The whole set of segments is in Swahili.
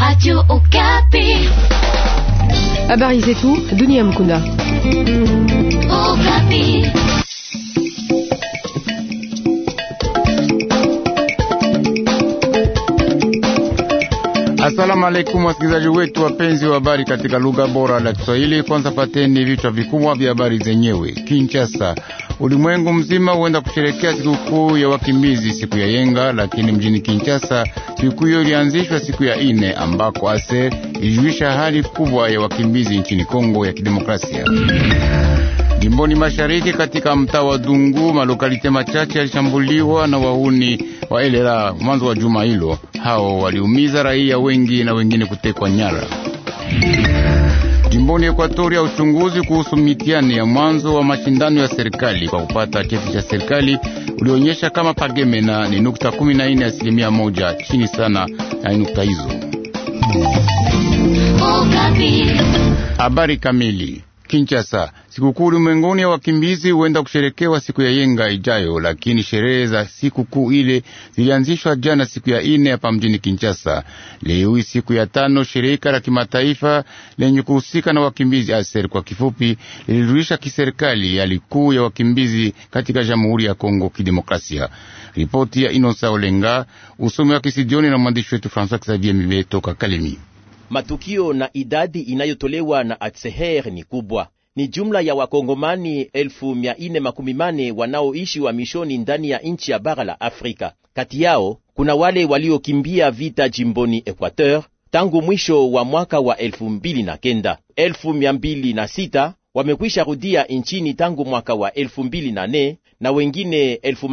Radio Okapi. Habari zetu Dunia Mkunda. Okapi. Asalamu alaykum wasikilizaji wetu wapenzi wa habari katika lugha bora la Kiswahili. Kwanza pateni vichwa vikubwa vya habari zenyewe. Kinshasa Ulimwengu mzima huenda kusherekea sikukuu ya wakimbizi siku ya Yenga, lakini mjini Kinshasa sikukuu hiyo ilianzishwa siku ya ine, ambako ase ilijulisha hali kubwa ya wakimbizi nchini Kongo ya Kidemokrasia. Jimboni mashariki katika mtaa wa Dungu, malokalite machache yalishambuliwa na wahuni wa elera mwanzo wa juma hilo. Hao waliumiza raia wengi na wengine kutekwa nyara. Jimboni Ekwatoria, uchunguzi kuhusu mitihani ya mwanzo wa mashindano ya serikali kwa kupata cheti cha serikali ulionyesha kama Pagemena ni nukta 14 asilimia moja chini sana ya nukta hizo. Oh, Habari kamili Kinshasa. Sikukuu ulimwenguni ya wakimbizi huenda kusherekewa siku ya yenga ijayo, lakini sherehe za sikukuu ile zilianzishwa jana siku ya ine hapa mjini Kinshasa. Leo siku ya tano, shirika la kimataifa lenye kuhusika na wakimbizi ASER kwa kifupi lilirudisha kiserikali hali kuu ya wakimbizi katika Jamhuri ya Kongo Kidemokrasia. Ripoti ya Inosa Olenga, usomi wa kisidioni na mwandishi wetu francois Xavier Mibe toka Kalemi. Matukio na idadi inayotolewa na atseher ni kubwa ni jumla ya wakongomani elfu wanaoishi wa mishoni ndani ya nchi ya bara la Afrika. Kati yao kuna wale waliokimbia vita jimboni Equateur tangu mwisho wa mwaka wa elfu na kenda. wamekwisha rudia nchini tangu mwaka wa elfu na wengine elfu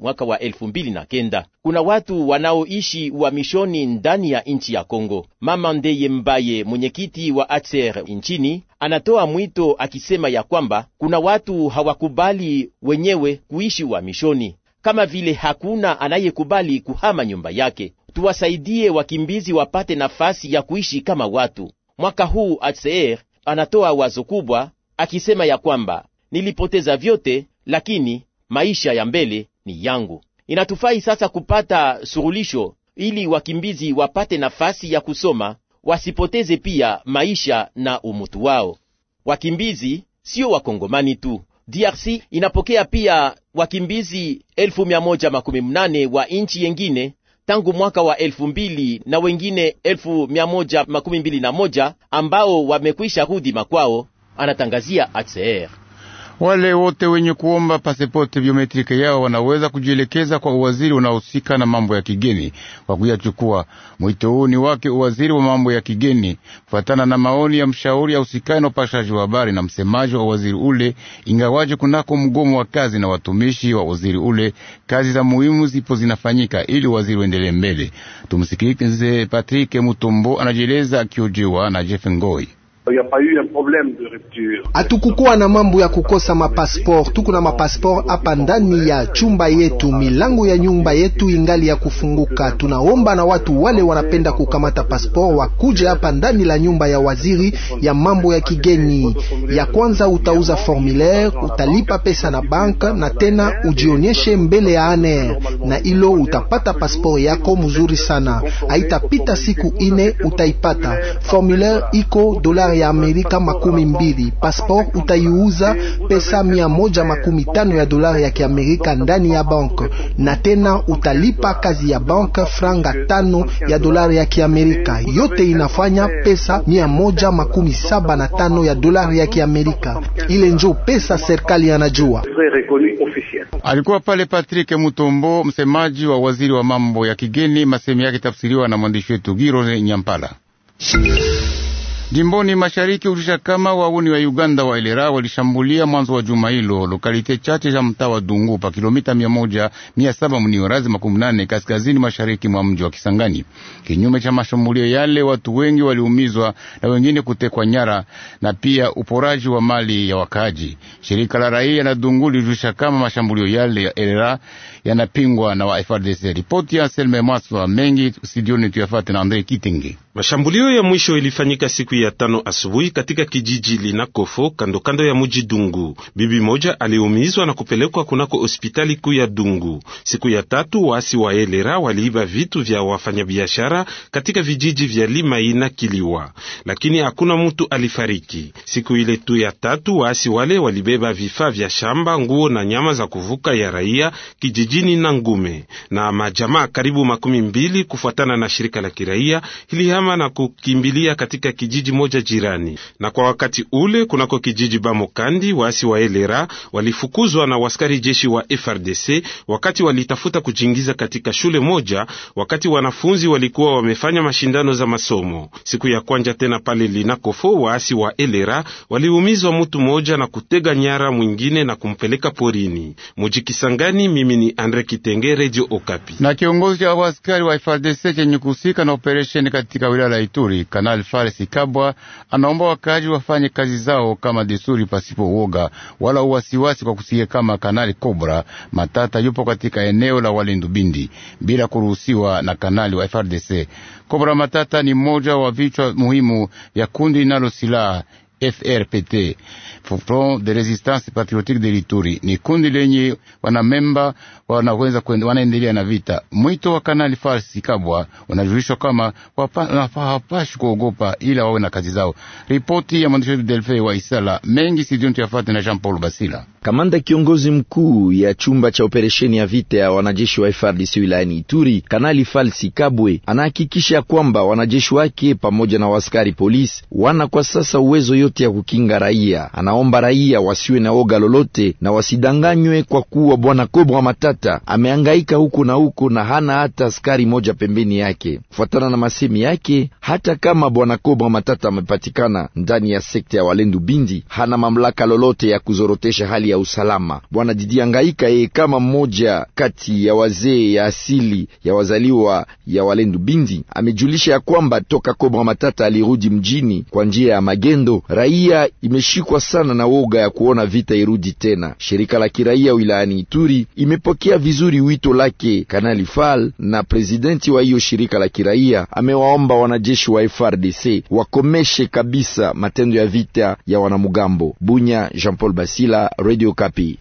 mwaka wa elfu mbili na kenda. Kuna watu wanaoishi uhamishoni ndani ya nchi ya Kongo. Mama Ndeye Mbaye, mwenyekiti wa ATSER nchini, anatoa mwito akisema ya kwamba kuna watu hawakubali wenyewe kuishi uhamishoni, kama vile hakuna anayekubali kuhama nyumba yake. Tuwasaidie wakimbizi wapate nafasi ya kuishi kama watu. Mwaka huu ATSER anatoa wazo kubwa akisema ya kwamba nilipoteza vyote, lakini maisha ya mbele ni yangu. Inatufai sasa kupata surulisho ili wakimbizi wapate nafasi ya kusoma, wasipoteze pia maisha na umutu wao. Wakimbizi sio wakongomani tu. DRC inapokea pia wakimbizi 1118 wa nchi yengine tangu mwaka wa 2000 na wengine 1121 ambao wamekwisha rudi makwao, anatangazia HCR. Wale wote wenye kuomba pasipoti biometrike yao wanaweza kujielekeza kwa uwaziri unaohusika na mambo ya kigeni kwa kuyachukua. Mwito huu ni wake uwaziri wa mambo ya kigeni, kufuatana na maoni ya mshauri ya usikani na upashaji wa habari na msemaji wa waziri ule. Ingawaje kunako mgomo wa kazi na watumishi wa waziri ule, kazi za muhimu zipo zinafanyika ili waziri uendelee mbele. Tumsikilize patrike Mutombo anajieleza akiojewa na Jeff Ngoi. Hatukukuwa na mambo ya kukosa mapasport, tuko na mapasport hapa ndani ya chumba yetu. Milango ya nyumba yetu ingali ya kufunguka. Tunaomba na watu wale wanapenda kukamata pasport wakuje hapa ndani la nyumba ya waziri ya mambo ya kigeni. Ya kwanza utauza formulaire, utalipa pesa na banka, na tena ujionyeshe mbele ya ANR, na ilo utapata pasport yako mzuri sana. Haitapita siku ine utaipata. Formulaire iko dola dola ya Amerika makumi mbili. Passport utaiuza pesa mia moja makumi tano ya dolari ya Kiamerika ndani ya bank, na tena utalipa kazi ya bank franga tano ya dolari ya Kiamerika. Yote inafanya pesa mia moja makumi saba na tano ya dolari ya Kiamerika. Ile njo pesa serikali anajua. Alikuwa pale Patrick Mutombo, msemaji wa waziri wa mambo ya kigeni. Masemi yake tafsiriwa na mwandishi wetu Girone Nyampala. Jimboni mashariki ulisha kama wauni wa Uganda wa elera walishambulia mwanzo wa juma hilo lokalite chache za mtaa wa Dungu pa kilomita mia moja mia saba mniorazi makumi nane kaskazini mashariki mwa mji wa Kisangani. Kinyume cha mashambulio yale, watu wengi waliumizwa na wengine kutekwa nyara na pia uporaji wa mali ya wakaaji. Shirika la raia na Dungu lilishusha kama mashambulio yale ya elera yanapingwa na wa FRDC. Ripoti ya Selme Maswa mengi studioni tuyafate na Andre Kitenge. Mashambulio ya mwisho ilifanyika siku ya tano asubuhi katika kijiji linakofo kando kando ya muji Dungu. Bibi moja aliumizwa na kupelekwa kunako hospitali kuu ya Dungu. Siku ya tatu waasi wa elera waliiba vitu vya wafanyabiashara katika vijiji vya Limaina Kiliwa, lakini hakuna mtu alifariki. Siku ile tu ya tatu waasi wale walibeba vifaa vya shamba, nguo na nyama za kuvuka ya raia kijijini na ngume na majamaa karibu makumi mbili kufuatana na shirika la kiraia nyama na kukimbilia katika kijiji moja jirani. Na kwa wakati ule kunako kijiji Bamokandi, waasi wa Elera walifukuzwa na waskari jeshi wa FRDC wakati walitafuta kujiingiza katika shule moja, wakati wanafunzi walikuwa wamefanya mashindano za masomo. Siku ya kwanja tena pale linakofo, waasi wa Elera waliumizwa mtu moja na kutega nyara mwingine na kumpeleka porini. Kisangani, mimi ni Andre Kitenge, Redio Okapi. Na kiongozi wa waskari wa FRDC chenye kuhusika na operesheni katika wilaya la Ituri, Kanali Faresi Kabwa anaomba wakaaji wafanye kazi zao kama desturi, pasipo uoga wala uwasiwasi, kwa kusikia kama Kanali Kobra Matata yupo katika eneo la Walindu Bindi bila kuruhusiwa na kanali wa FRDC. Kobra Matata ni mmoja wa vichwa muhimu ya kundi linalo silaha FRPT, Front de Resistance Patriotique de Lituri. Ni kundi lenye wana memba wanaweza kwenda, wanaendelea na vita. Mwito wa Kanali Farsi Kabwa unajulishwa kama hawapashi kuogopa, ila wawe na kazi zao. Ripoti ya mwandishi wetu Delfe wa Isala mengi sidiontu yafate na Jean Paul Basila. Kamanda kiongozi mkuu ya chumba cha operesheni ya vita ya wanajeshi wa FRDC wilayani Ituri, Kanali Falsi Kabwe anahakikisha kwamba wanajeshi wake pamoja na waskari polisi wana kwa sasa uwezo yote yote ya kukinga raia. Anaomba raia wasiwe na oga lolote na wasidanganywe, kwa kuwa bwana kobwa Matata ameangaika huku na huku na hana hata askari moja pembeni yake. Kufuatana na masemi yake, hata kama bwana kobwa Matata amepatikana ndani ya sekta ya Walendu Bindi, hana mamlaka lolote ya kuzorotesha hali ya usalama. Bwana Didi Angaika yeye kama mmoja kati ya wazee ya asili ya wazaliwa ya Walendu Bindi amejulisha ya kwamba toka kobwa Matata alirudi mjini kwa njia ya magendo Raia imeshikwa sana na woga ya kuona vita irudi tena. Shirika la kiraia wilayani Ituri imepokea vizuri wito lake Kanali Fal, na prezidenti wa hiyo shirika la kiraia amewaomba wanajeshi wa FRDC wakomeshe kabisa matendo ya vita ya wanamugambo. Bunya, Jean Paul Basila, Radio Kapi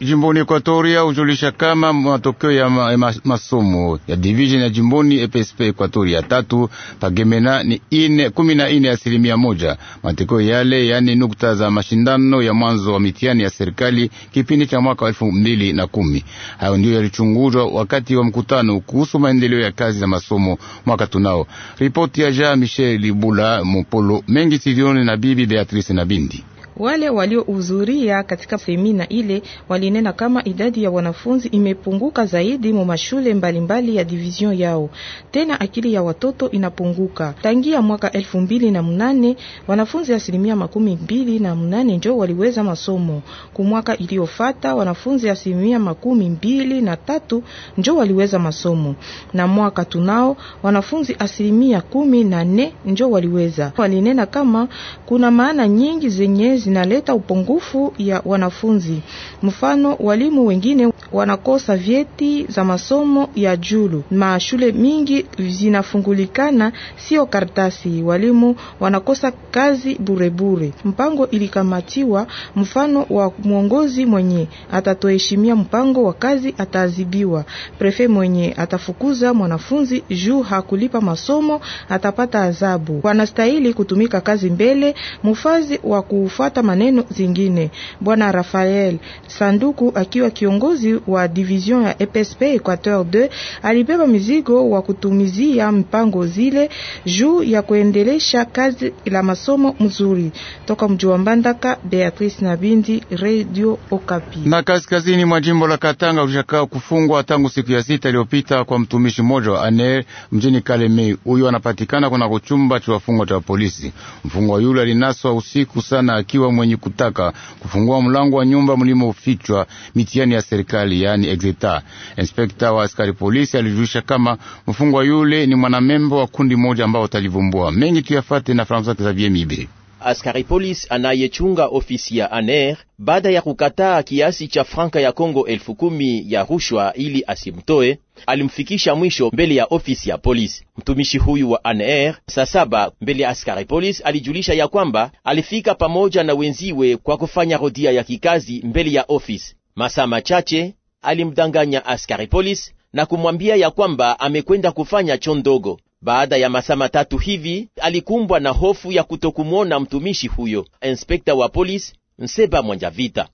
jimboni Ekwatoria ujulisha kama matokeo ya ma, ma, masomo ya division ya jimboni EPSP Ekwatoria tatu pagemena ni ine kumi na ine asilimia moja. Matokeo yale yani nukta za mashindano ya mwanzo wa mitihani ya serikali kipindi cha mwaka elfu mbili na kumi. Hayo ndio yalichunguzwa wakati wa mkutano kuhusu maendeleo ya kazi za masomo mwaka tunao. Ripoti ya Jean Michel Libula Mopolo mengi sivioni na bibi Beatrice na bindi wale waliohudhuria katika semina ile walinena kama idadi ya wanafunzi imepunguka zaidi mu mashule mbalimbali ya division yao, tena akili ya watoto inapunguka. Tangia mwaka elfu mbili na mnane wanafunzi asilimia makumi mbili na mnane njo waliweza masomo. mwaka iliyofata wanafunzi asilimia makumi mbili na tatu njo waliweza masomo, na mwaka tunao wanafunzi asilimia kumi na nne njo waliweza. Walinena kama kuna maana nyingi zenye zinaleta upungufu ya wanafunzi. Mfano, walimu wengine wanakosa vyeti za masomo ya julu. Mashule mingi zinafungulikana, sio kartasi. Walimu wanakosa kazi burebure. Mpango ilikamatiwa, mfano wa mwongozi mwenye atatoheshimia mpango wa kazi ataadhibiwa. Prefe mwenye atafukuza mwanafunzi juu hakulipa masomo atapata adhabu. Wanastahili kutumika kazi mbele mufazi wa kufuata hata maneno zingine. Bwana Rafael Sanduku akiwa kiongozi wa division ya EPSP Equateur 2 alibeba mizigo wa kutumizia mpango zile juu ya kuendelesha kazi la masomo mzuri. Toka mji wa Mbandaka, Beatrice Nabindi, Radio Okapi. Na kaskazini mwa jimbo la Katanga kushaka kufungwa tangu siku ya sita iliyopita kwa mtumishi mmoja wa ANR mjini Kalemie. Huyo anapatikana kuna kuchumba cha wafungwa cha polisi. Mfungwa yule alinaswa usiku sana akiwa kuruhusiwa mwenye kutaka kufungua mlango wa nyumba mlimofichwa mitihani ya serikali, yaani exeta. Inspekta wa askari polisi alijulisha kama mfungwa yule ni mwanamembo wa kundi moja ambao talivumbua mengi. Tuyafate na Francois Xavier Mibe askari polisi anayechunga ofisi ya ANER baada ya kukataa kiasi cha franka ya Kongo elfu kumi ya rushwa ili asimtoe, alimfikisha mwisho mbele ya ofisi ya polisi. Mtumishi huyu wa ANR saa saba mbele ya askari polisi alijulisha ya kwamba alifika pamoja na wenziwe kwa kufanya rodia ya kikazi mbele ya ofisi. Masaa machache alimdanganya askari polisi na kumwambia ya kwamba amekwenda kufanya choo ndogo. Baada ya masaa matatu hivi alikumbwa na hofu ya kutokumwona mtumishi huyo. Inspekta wa polisi Nseba mwanja vita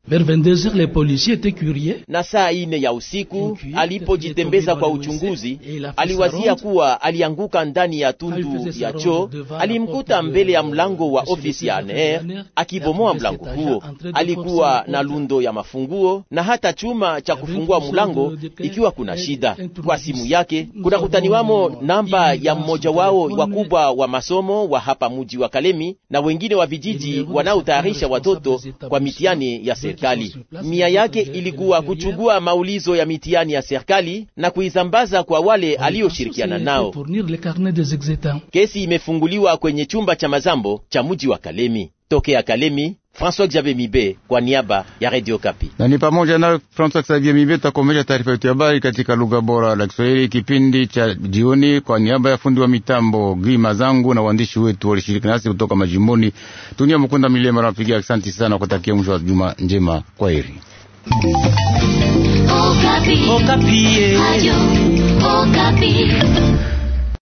na saa ine ya usiku alipojitembeza kwa uchunguzi, aliwazia kuwa alianguka ndani ya ah, tundu ya choo. Alimkuta mbele ya mlango wa ofisi ya Aner, akibomoa mlango huo. Alikuwa na lundo ya mafunguo na hata chuma cha kufungua mlango ikiwa kuna shida. Kwa simu yake kuna kutaniwamo namba ya mmoja wao wakubwa wa masomo wa hapa muji wa Kalemi na wengine wa vijiji wanaotayarisha watoto kwa mitihani ya serikali. Nia yake ilikuwa kuchugua maulizo ya mitihani ya serikali na kuizambaza kwa wale aliyoshirikiana nao. Kesi imefunguliwa kwenye chumba cha mazambo cha mji wa Kalemi. Tokea Kalemi, François Xavier Mibe kwa niaba ya Radio Kapi. Na ni pamoja na François Xavier Mibe takomesha taarifa yetu ya habari katika lugha bora la Kiswahili kipindi cha jioni, kwa niaba ya fundi wa mitambo Gima zangu na waandishi wetu walishiriki nasi kutoka majimboni. tunia mkunda Milema napigia asante sana, kutakia mwisho wa juma njema, kwa heri. Okapi. Okapi. Eh.